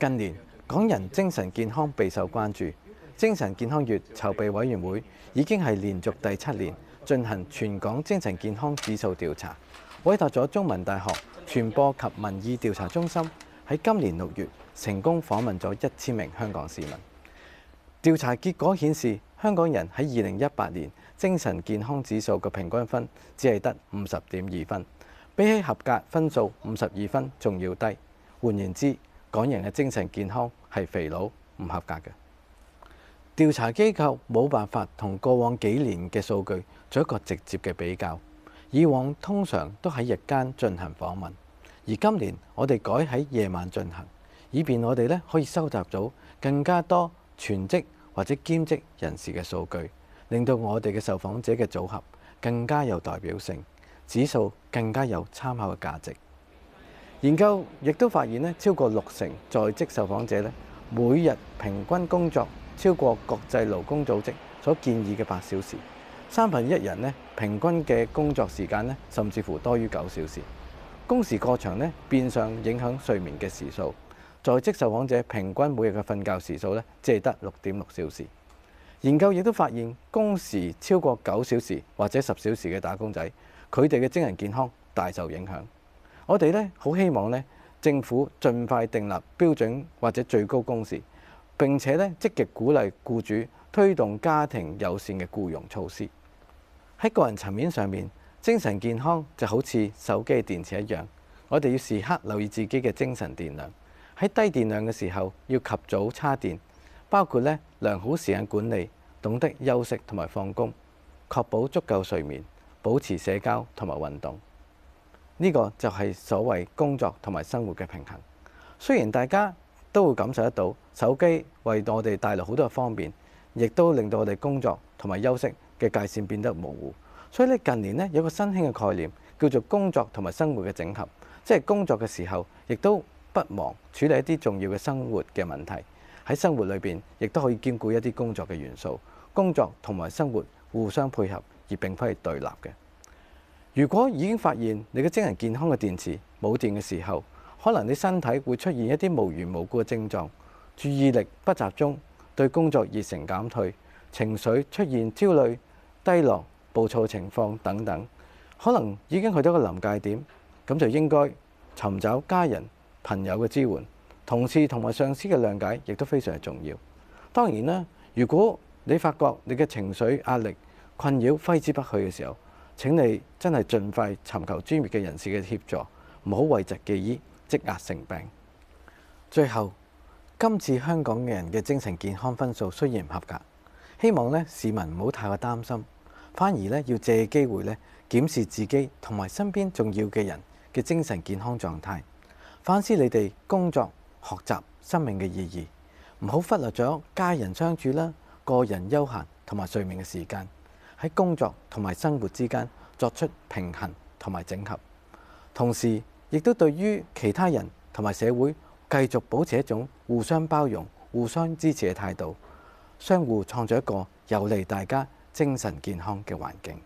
近年，港人精神健康備受關注。精神健康月籌備委員會已經係連續第七年進行全港精神健康指數調查，委託咗中文大學傳播及民意調查中心喺今年六月成功訪問咗一千名香港市民。調查結果顯示，香港人喺二零一八年精神健康指數嘅平均分只係得五十點二分，比起合格分數五十二分仲要低。換言之，港人嘅精神健康係肥佬，唔合格嘅。調查機構冇辦法同過往幾年嘅數據做一個直接嘅比較。以往通常都喺日間進行訪問，而今年我哋改喺夜晚進行，以便我哋呢可以收集到更加多全職或者兼職人士嘅數據，令到我哋嘅受訪者嘅組合更加有代表性，指數更加有參考嘅價值。研究亦都發現咧，超過六成在職受訪者咧，每日平均工作超過國際勞工組織所建議嘅八小時。三分一人咧，平均嘅工作時間咧，甚至乎多於九小時。工時過長咧，變相影響睡眠嘅時數。在職受訪者平均每日嘅瞓覺時數咧，只係得六點六小時。研究亦都發現，工時超過九小時或者十小時嘅打工仔，佢哋嘅精神健康大受影響。我哋咧，好希望咧，政府盡快定立標準或者最高工時，並且咧積極鼓勵僱主推動家庭友善嘅僱傭措施。喺個人層面上面，精神健康就好似手機電池一樣，我哋要時刻留意自己嘅精神電量。喺低電量嘅時候，要及早叉電。包括咧良好時間管理、懂得休息同埋放工、確保足夠睡眠、保持社交同埋運動。呢個就係所謂工作同埋生活嘅平衡。雖然大家都會感受得到，手機為我哋帶來好多嘅方便，亦都令到我哋工作同埋休息嘅界線變得模糊。所以咧近年咧有一個新興嘅概念，叫做工作同埋生活嘅整合，即係工作嘅時候，亦都不忘處理一啲重要嘅生活嘅問題。喺生活裏面亦都可以兼顧一啲工作嘅元素，工作同埋生活互相配合，而並非係對立嘅。如果已經發現你嘅精神健康嘅電池冇電嘅時候，可能你身體會出現一啲無緣無故嘅症狀，注意力不集中，對工作熱情減退，情緒出現焦慮、低落、暴躁情況等等，可能已經去到一個臨界點，咁就應該尋找家人、朋友嘅支援，同事同埋上司嘅諒解，亦都非常重要。當然啦，如果你發覺你嘅情緒壓力困擾揮之不去嘅時候，請你真係盡快尋求專業嘅人士嘅協助，唔好諱疾忌醫，積壓成病。最後，今次香港嘅人嘅精神健康分數雖然唔合格，希望呢市民唔好太過擔心，反而呢要借機會呢檢視自己同埋身邊重要嘅人嘅精神健康狀態，反思你哋工作、學習、生命嘅意義，唔好忽略咗家人相處啦、個人休閒同埋睡眠嘅時間。喺工作同埋生活之間作出平衡同埋整合，同時亦都對於其他人同埋社會繼續保持一種互相包容、互相支持嘅態度，相互創造一個有利大家精神健康嘅環境。